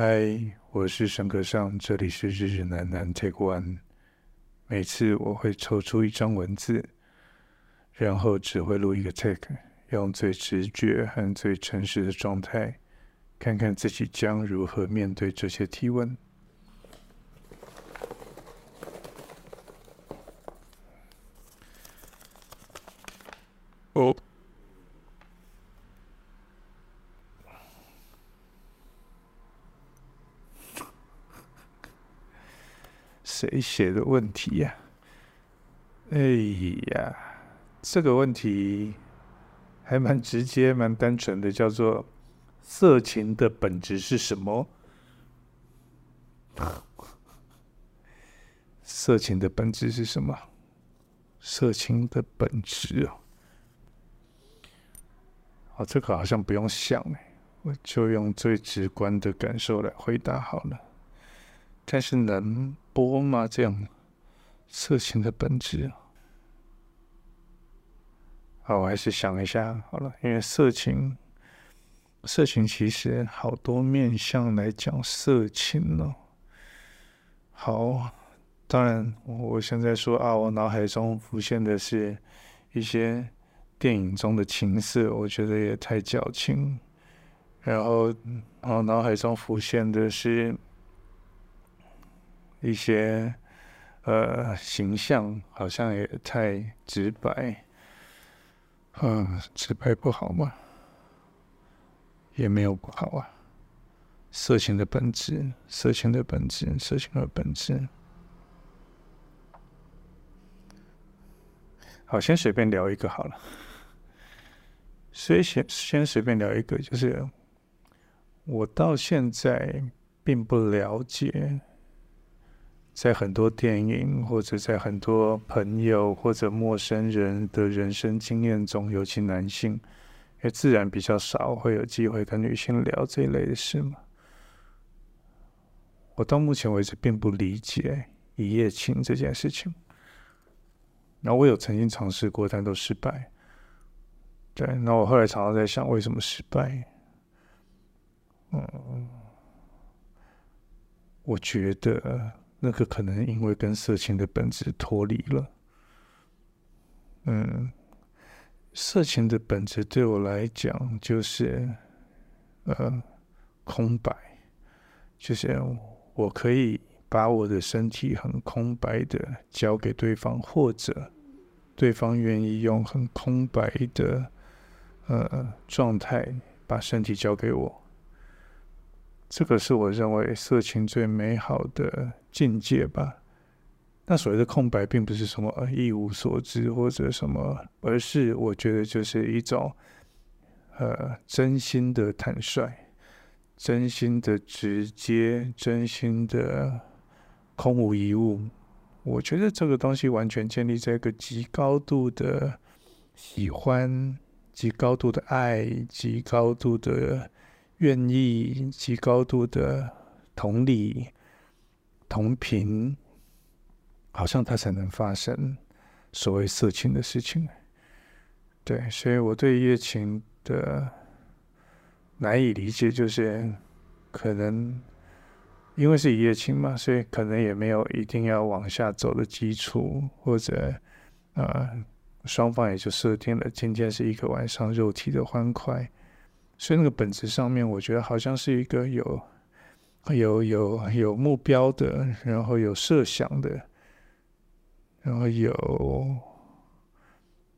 嗨，我是沈可尚，這裡是日日喃喃 Take One。每次我會抽出一張文字，然後只會錄一個 Take，用最直覺和最誠實的狀態，看看自己將如何面對這些提問，誰寫的問題呀、啊？哎呀，這個問題還蠻直接、蠻單純的，叫做“色情的本質是什麼”？色情的本質是什麼？色情的本質哦。哦，這個好像不用想哎，我就用最直觀的感受來回答好了。但是能。播嘛這樣，色情的本質啊！好，我還是想一下好了，因為色情，色情其實好多面向來講色情了，喔。好，當然我現在說啊，我腦海中浮現的是一些電影中的情色，我覺得也太矯情。然後，我腦海中浮現的是。一些呃形象好像也太直白，嗯、呃，直白不好嗎？也沒有不好啊。色情的本質，色情的本質，色情的本質。好，先隨便聊一個好了。所以先先隨便聊一個，就是我到現在並不了解。在很多電影，或者在很多朋友，或者陌生人的人生經驗中，尤其男性，因為自然比較少會有機會跟女性聊這一類的事嘛。我到目前為止並不理解一夜情這件事情。然後我有曾經嘗試過，但都失敗。對，那我後來常常在想，為什麼失敗？嗯，我覺得。那個可能因為跟色情的本質脫離了，嗯，色情的本質對我來講就是，呃，空白，就是我可以把我的身體很空白的交給對方，或者對方願意用很空白的，呃，狀態把身體交給我。這個是我認為色情最美好的境界吧。那所謂的空白，並不是什麼一無所知或者什麼，而是我覺得就是一種，呃，真心的坦率，真心的直接，真心的空無一物。我覺得這個東西完全建立在一個極高度的喜歡、極高度的愛、極高度的。願意以及高度的同理、同頻，好像它才能發生所謂色情的事情。對，所以我對一夜情的難以理解，就是可能因為是一夜情嘛，所以可能也沒有一定要往下走的基礎，或者，呃，雙方也就設定了今天是一個晚上肉體的歡快。所以那個本質上面，我覺得好像是一個有、有、有、有目標的，然後有設想的，然後有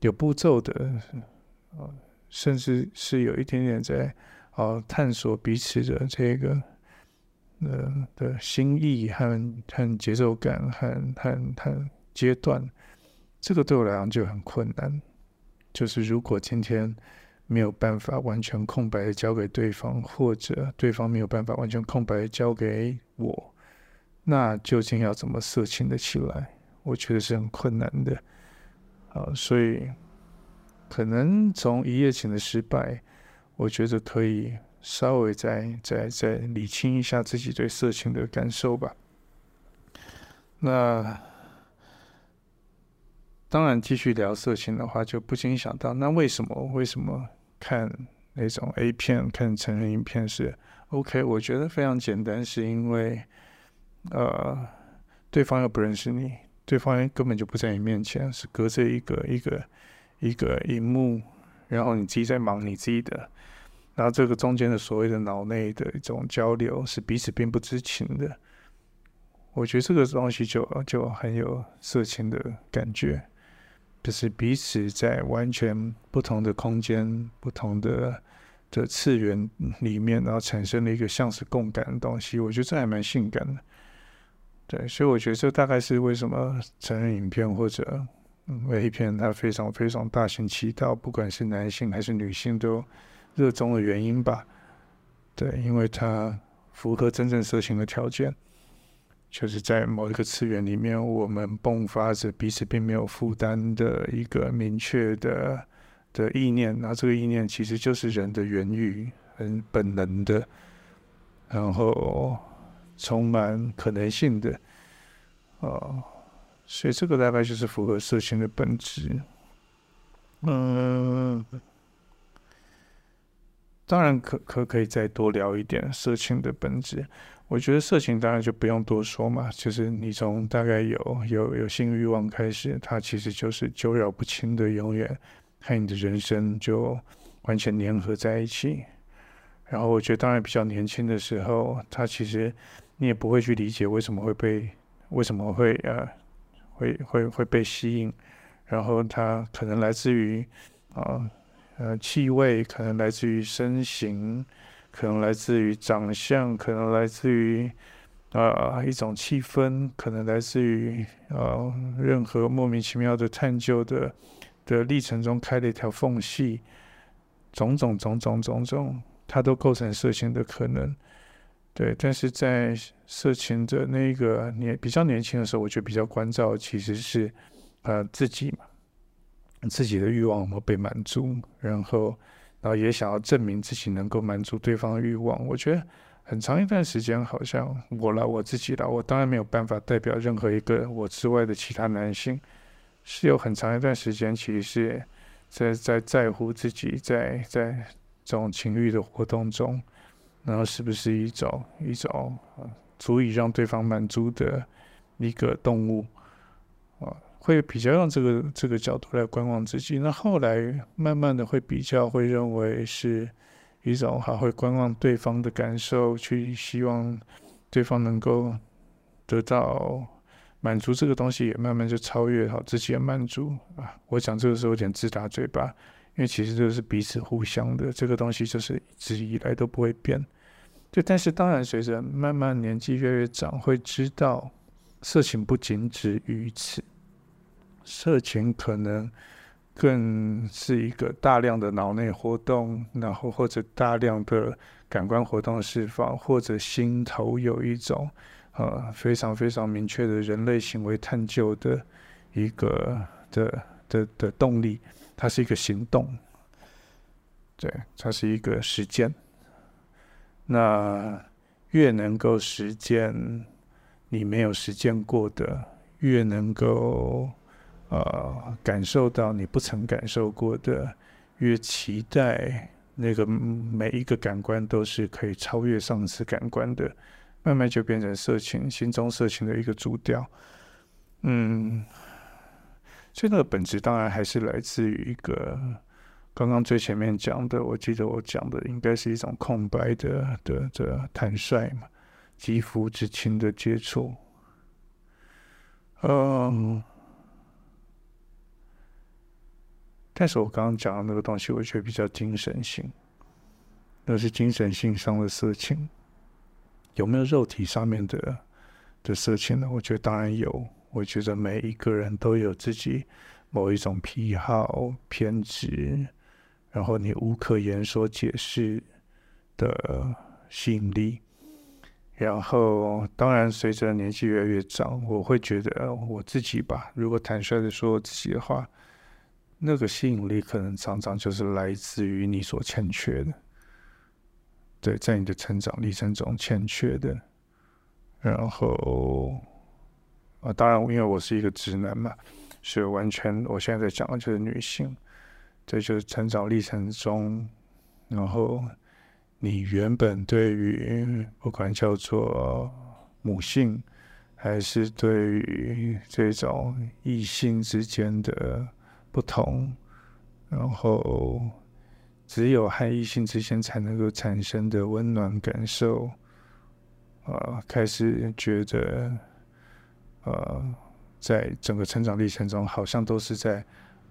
有步驟的，甚至是有一點點在哦探索彼此的這個嗯的心意和和節奏感和和和階段，這個對我來講就很困難。就是如果今天。沒有辦法完全空白的交給對方，或者對方沒有辦法完全空白的交給我，那究竟要怎麼色情的起來？我覺得是很困難的。啊，所以可能從一夜情的失敗，我覺得可以稍微再再再理清一下自己對色情的感受吧。那當然，繼續聊色情的話，就不禁想到，那為什麼？為什麼？看那種 A 片、看成人影片是 OK，我覺得非常簡單，是因為，呃，對方又不認識你，對方根本就不在你面前，是隔着一個一個一個熒幕，然後你自己在忙你自己的，然後這個中間的所謂的腦內的一種交流是彼此並不知情的，我覺得這個東西就就很有色情的感覺。就是彼此在完全不同的空間、不同的的次元裡面，然後產生了一個像是共感的東西，我覺得這還蠻性感的。對，所以我覺得這大概是為什麼成人影片或者嗯、AV 片它非常非常大行其道，不管是男性還是女性都熱衷的原因吧。對，因為它符合真正色情的條件。就是在某一個次元裡面，我們迸發着彼此並沒有負擔的一個明確的的意念，那這個意念其實就是人的原欲，很本能的，然後充滿可能性的，哦，所以這個大概就是符合色情的本質。嗯，當然可可可以再多聊一點色情的本質。我覺得色情當然就不用多說嘛，就是你從大概有有有性慾望開始，它其實就是糾纏不清的，永遠和你的人生就完全粘合在一起。然後我覺得當然比較年輕的時候，它其實你也不會去理解為什麼會被為什麼會呃會會會被吸引，然後它可能來自於啊呃，呃氣味，可能來自於身形。可能來自於長相，可能來自於啊、呃、一種氣氛，可能來自於啊、呃、任何莫名其妙的探究的的歷程中開的一條縫隙，種種種種種種，它都構成色情的可能。對，但是在色情的那個年比較年輕的時候，我就比較關照其實是啊、呃、自己嘛，自己的欲望有沒有被滿足，然後。然後也想要證明自己能夠滿足對方的慾望。我覺得很長一段時間，好像我了，我自己啦，我當然沒有辦法代表任何一個我之外的其他男性，是有很長一段時間，其實是在在在乎自己，在在這種情慾的活動中，然後是不是一種一種足以讓對方滿足的一個動物啊。會比較用這個這個角度來觀望自己，那後來慢慢的會比較會認為是一種，好會觀望對方的感受，去希望對方能夠得到滿足這個東西，也慢慢就超越好自己的滿足啊。我想這個時候有點自打嘴巴，因為其實就是彼此互相的這個東西，就是一直以來都不會變。就但是當然隨着慢慢年紀越來越長，會知道事情不僅止於此。色情可能更是一個大量的腦內活動，然後或者大量的感官活動的釋放，或者心頭有一種、呃、非常非常明確的人類行為探究的一個的的的、的動力，它是一個行動，對，它是一個實踐。那越能夠實踐你沒有實踐過的，越能夠。呃，感受到你不曾感受過的，越期待那個每一個感官都是可以超越上次感官的，慢慢就變成色情，心中色情的一個主調。嗯，所以那個本質當然還是來自於一個剛剛最前面講的，我記得我講的應該是一種空白的的的坦率嘛，肌膚之親的接觸。呃、嗯。但是，我剛剛講的那個東西，我覺得比較精神性，那是精神性上的色情，有沒有肉體上面的的色情呢？我覺得當然有。我覺得每一個人都有自己某一種癖好、偏執，然後你無可言說解釋的吸引力。然後，當然隨着年紀越來越長，我會覺得我自己吧，如果坦率的說自己的話。那個吸引力，可能常常就是來自於你所欠缺的。對，在你的成長歷程中欠缺的，然後，啊，當然，因為我是一個直男嘛，所以完全我現在在講的就是女性，這就是成長歷程中，然後你原本對於不管叫做母性，還是對於這種異性之間的。不同，然後只有和異性之間才能夠產生的溫暖感受，呃，開始覺得，呃，在整個成長歷程中，好像都是在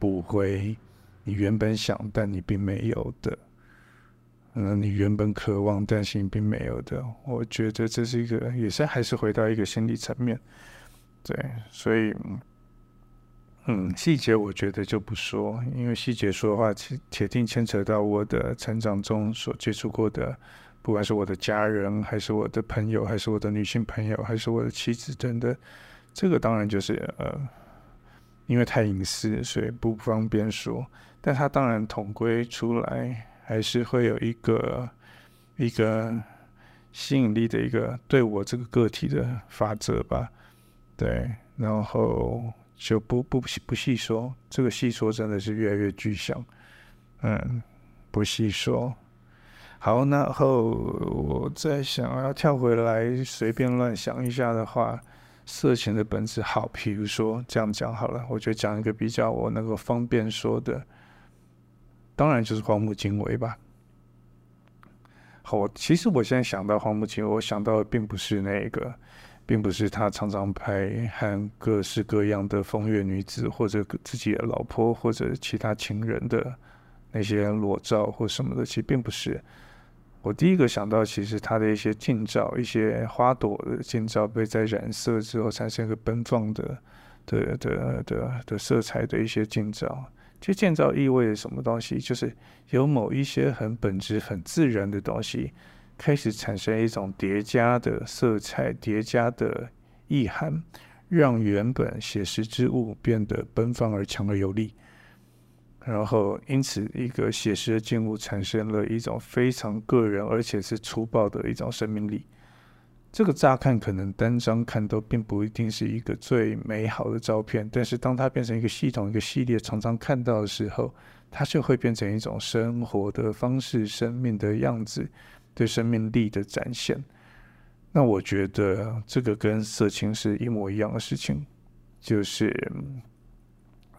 補回你原本想但你並沒有的，嗯，你原本渴望但你並沒有的。我覺得這是一個，也是還是回到一個心理層面，對，所以。嗯，細節我覺得就不說，因為細節說的話，其實鐵定牽扯到我的成長中所接觸過的，不管是我的家人，還是我的朋友，還是我的女性朋友，還是我的妻子等等，這個當然就是呃，因為太隱私，所以不方便說。但他當然統歸出來，還是會有一個一個吸引力的一個對我這個個體的法則吧，對，然後。就不不不細說，這個細說真的是越來越具象，嗯，不細說。好，那後我再想要跳回來隨便亂想一下的話，色情的本質好，比如說這樣講好了，我就講一個比較我能夠方便說的，當然就是荒木經惟吧。好，其實我現在想到荒木經惟，我想到的並不是那個。並不是他常常拍和各式各樣的風月女子，或者自己的老婆，或者其他情人的那些裸照或什麼的。其實並不是。我第一個想到，其實他的一些近照，一些花朵的近照，被在染色之後產生一個奔放的、的、的、的、的色彩的一些近照。其實近照意味著什麼東西？就是有某一些很本質、很自然的東西。開始產生一種疊加的色彩，疊加的意涵，讓原本寫實之物變得奔放而強而有力。然後，因此一個寫實的靜物產生了一種非常個人而且是粗暴的一種生命力。這個乍看可能單張看都並不一定是一個最美好的照片，但是當它變成一個系統、一個系列，常常看到的時候，它就會變成一種生活的方式、生命的樣子。對生命力的展現，那我覺得這個跟色情是一模一樣的事情，就是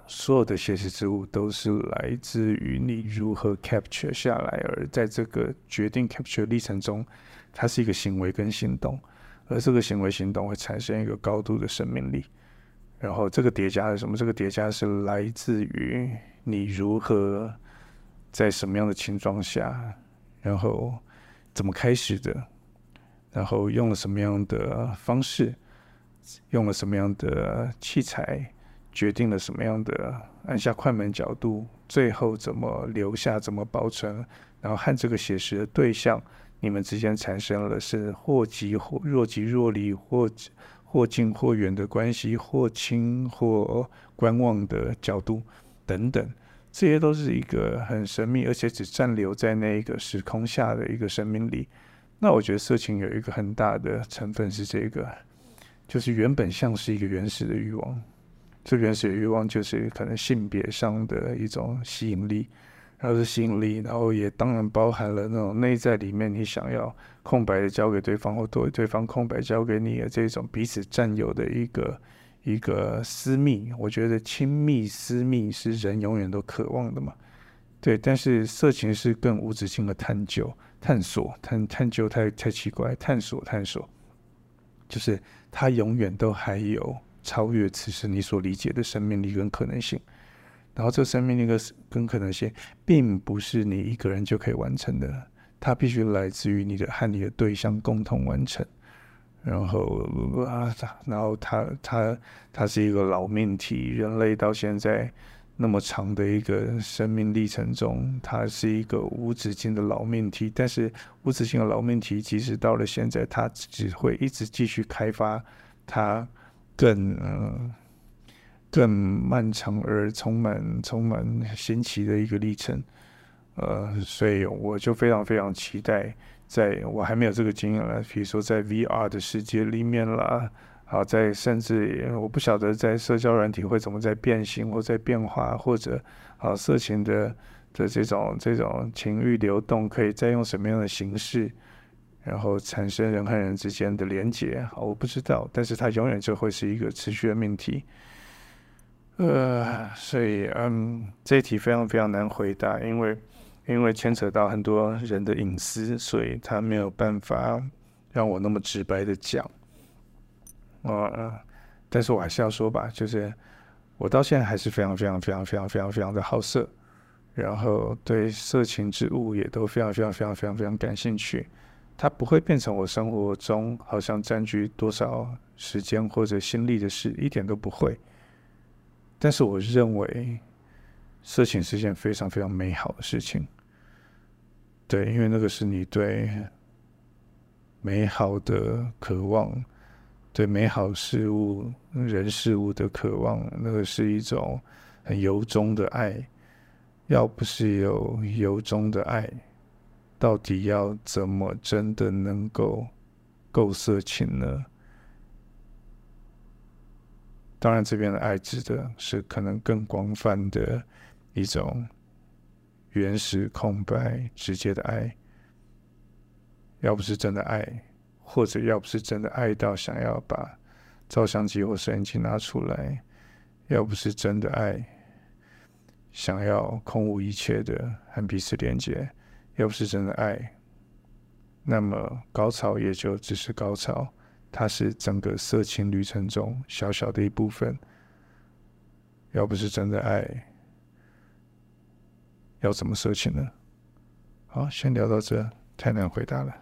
所有的現實之物都是來自於你如何 capture 下來，而在這個決定 capture 的歷程中，它是一個行為跟行動，而這個行為行動會產生一個高度的生命力，然後這個疊加是什麼？這個疊加是來自於你如何在什麼樣的情況下，然後。怎麼開始的？然後用了什麼樣的方式？用了什麼樣的器材？決定了什麼樣的按下快門角度？最後怎麼留下？怎麼保存？然後和這個寫實的對象，你們之間產生了是或即或若即若離、或或近或遠的關係，或親或觀望的角度等等。這些都是一個很神秘，而且只暫留在那一個時空下的一個生命力。那我覺得色情有一個很大的成分是這個，就是原本像是一個原始的欲望，這原始的欲望就是可能性別上的一種吸引力，然後是吸引力，然後也當然包含了那種內在裡面你想要空白的交給對方，或對對方空白交給你的這種彼此佔有的一個。一個私密，我覺得親密、私密是人永遠都渴望的嘛。對，但是色情是更無止境的探究、探索、探探究太太奇怪，探索探索，就是它永遠都還有超越此時你所理解的生命力跟可能性。然後這生命力跟跟可能性，並不是你一個人就可以完成的，它必須來自於你的和你的對象共同完成。然後啊，然後它它它是一個老命題，人類到現在那麼長的一個生命歷程中，它是一個無止境的老命題。但是無止境的老命題，其實到了現在，它只會一直繼續開發它更嗯、呃、更漫長而充滿充滿新奇的一個歷程。呃，所以我就非常非常期待在，在我還沒有這個經驗了，比如說在 VR 的世界裡面啦，好、啊、在甚至我不曉得在社交軟體會怎麼在變形或在變化，或者啊色情的的這種這種情欲流動可以再用什麼樣的形式，然後產生人和人之間的連接，好、啊、我不知道，但是它永遠就會是一個持續的命題。呃，所以嗯，這題非常非常難回答，因為，因為牽扯到很多人的隱私，所以他沒有辦法讓我那麼直白的講。呃、哦、但是我還是要說吧，就是我到現在還是非常非常非常非常非常非常的好色，然後對色情之物也都非常非常非常非常非常感興趣。它不會變成我生活中好像占據多少時間或者心力的事，一點都不會。但是我認為。色情是件非常非常美好的事情，對，因為那個是你對美好的渴望，對美好事物、人事物的渴望，那個是一種很由衷的愛。要不是有由衷的愛，到底要怎麼真的能夠夠色情呢？當然，這邊的愛指的是可能更廣泛的。一種原始空白、直接的愛，要不是真的愛，或者要不是真的愛到想要把照相機或攝影機拿出來，要不是真的愛，想要空無一切的和彼此連接，要不是真的愛，那麼高潮也就只是高潮，它是整個色情旅程中小小的一部分。要不是真的愛。要怎麼說清呢？好，先聊到這，太難回答了。